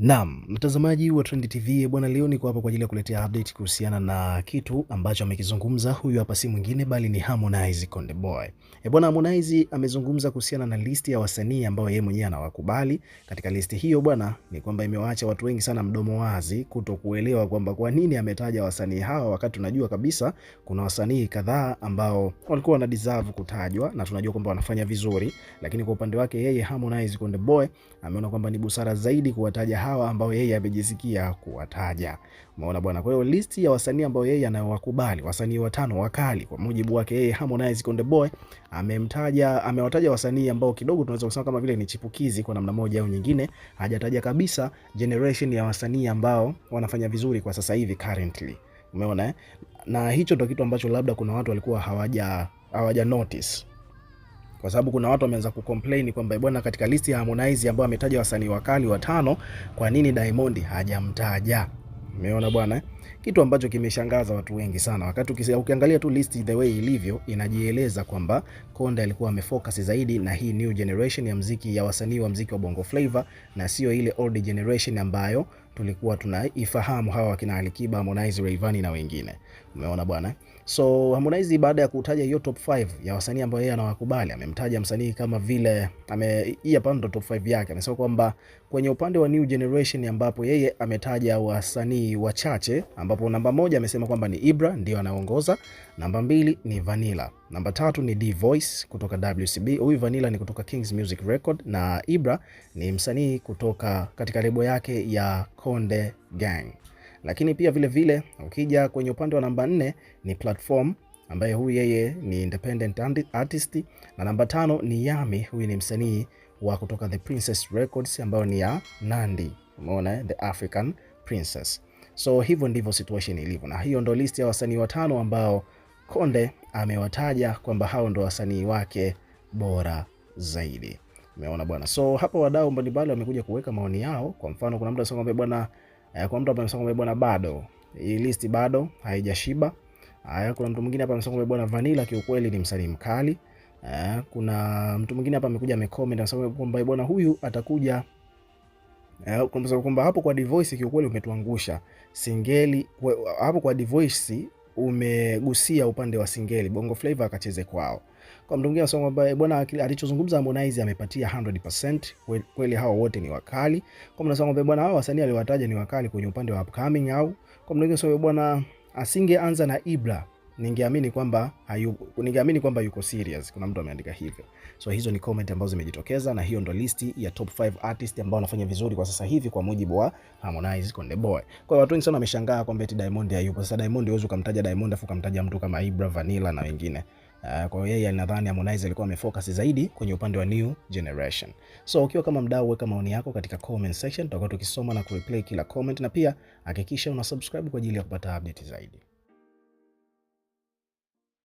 Naam, mtazamaji wa Trend TV bwana, leo niko hapa kwa ajili ya kuletea update kuhusiana na kitu ambacho amekizungumza huyu hapa, si mwingine bali ni Harmonize Konde Boy. Eh bwana, Harmonize amezungumza kuhusiana na listi ya wasanii ambao yeye mwenyewe anawakubali. Katika listi hiyo bwana, ni kwamba imewaacha watu wengi sana mdomo wazi kuto kuelewa kwamba kwa nini ametaja wasanii hawa, wakati tunajua kabisa kuna wasanii kadhaa ambao walikuwa wana deserve kutajwa na tunajua kwamba wanafanya vizuri, lakini kwa upande wake yeye Harmonize Konde Boy ameona kwamba ni busara zaidi kuwataja hawa ambao yeye amejisikia kuwataja. Umeona bwana. Kwa hiyo listi ya wasanii ambao yeye anawakubali, wasanii watano wakali kwa mujibu wake yeye, Harmonize Konde Boy amemtaja, amewataja wasanii ambao kidogo tunaweza kusema kama vile ni chipukizi kwa namna moja au nyingine. Hajataja kabisa generation ya wasanii ambao wanafanya vizuri kwa sasa hivi currently. Umeona eh? Na hicho ndo kitu ambacho labda kuna watu walikuwa hawaja hawaja notice kwa sababu kuna watu wameanza kucomplain kwamba eh, bwana, katika listi ya Harmonize ambayo ametaja wasanii wakali watano, kwa nini Diamond hajamtaja? Umeona bwana eh? Kitu ambacho kimeshangaza watu wengi sana. Wakati ukiangalia tu list the way ilivyo, inajieleza kwamba Konde alikuwa amefocus zaidi na hii new generation ya mziki ya wasanii wa mziki wa Bongo Flava na sio ile old generation ambayo tulikuwa tunaifahamu hawa wakina Alikiba, Harmonize, Rayvanny na wengine. Umeona bwana. So Harmonize baada ya kutaja hiyo top 5 ya wasanii ambao yeye anawakubali, amemtaja msanii kama vile ame, hii hapa ndo top 5 yake. Amesema kwamba kwenye upande wa new generation, ambapo yeye ametaja wasanii wachache, ambapo namba moja amesema kwamba ni Ibra ndio anaongoza, namba mbili ni Vanilla, namba tatu ni D Voice kutoka WCB. Huyu Vanilla ni kutoka Kings Music Record na Ibra ni msanii kutoka katika lebo yake ya Konde Gang. Lakini pia vilevile vile, ukija kwenye upande wa namba nne ni Platform ambaye huyu yeye ni independent artist, na namba tano ni Yami, huyu ni msanii wa kutoka The Princess Records ambayo ni ya Nandi, umeona eh? The African Princess. So hivyo ndivyo situation ilivyo, na hiyo ndo list ya wasanii watano ambao Konde amewataja kwamba hao ndo wasanii wake bora zaidi. Umeona bwana. So hapa wadau mbalimbali wamekuja kuweka maoni yao. Kwa mfano kuna mtu anasema bwana eh, kuna mtu hapa anasema kwamba bwana bado hii list bado haijashiba. Haya, eh, kuna mtu mwingine hapa anasema kwamba bwana Vanilla kiukweli ni msanii mkali. Eh, kuna mtu mwingine hapa amekuja amecomment anasema kwamba bwana huyu atakuja eh, kwamba hapo kwa Dvoice kiukweli umetuangusha. Singeli hapo kwa Dvoice umegusia upande wa singeli, Bongo Flava akacheze kwao. Kwa mdungia anasema kwamba bwana alichozungumza Harmonize amepatia 100%. Kweli hao wote ni wakali. Kwa mnasema kwamba bwana hao wasanii aliwataja ni wakali kwenye upande wa upcoming au. Kwa mdungia anasema bwana asingeanza na Ibra ningeamini kwamba hayupo, ningeamini kwamba yuko serious. Kuna mtu ameandika hivyo. So hizo ni comment ambazo zimejitokeza, na hiyo ndo listi ya top 5 artist ambao wanafanya vizuri kwa sasa hivi kwa mujibu wa Harmonize Konde Boy. Kwa hiyo watu wengi sana wameshangaa kwamba eti Diamond hayupo. Sasa Diamond huwezi ukamtaja Diamond afu ukamtaja mtu kama Ibra, Vanilla na wengine. Uh, kwa yeye nadhani Harmonize alikuwa amefocus zaidi kwenye upande wa new generation. So ukiwa kama mdau, weka maoni yako katika comment section, tutakuwa tukisoma na kureplay kila comment, na pia hakikisha una subscribe kwa ajili ya kupata update zaidi.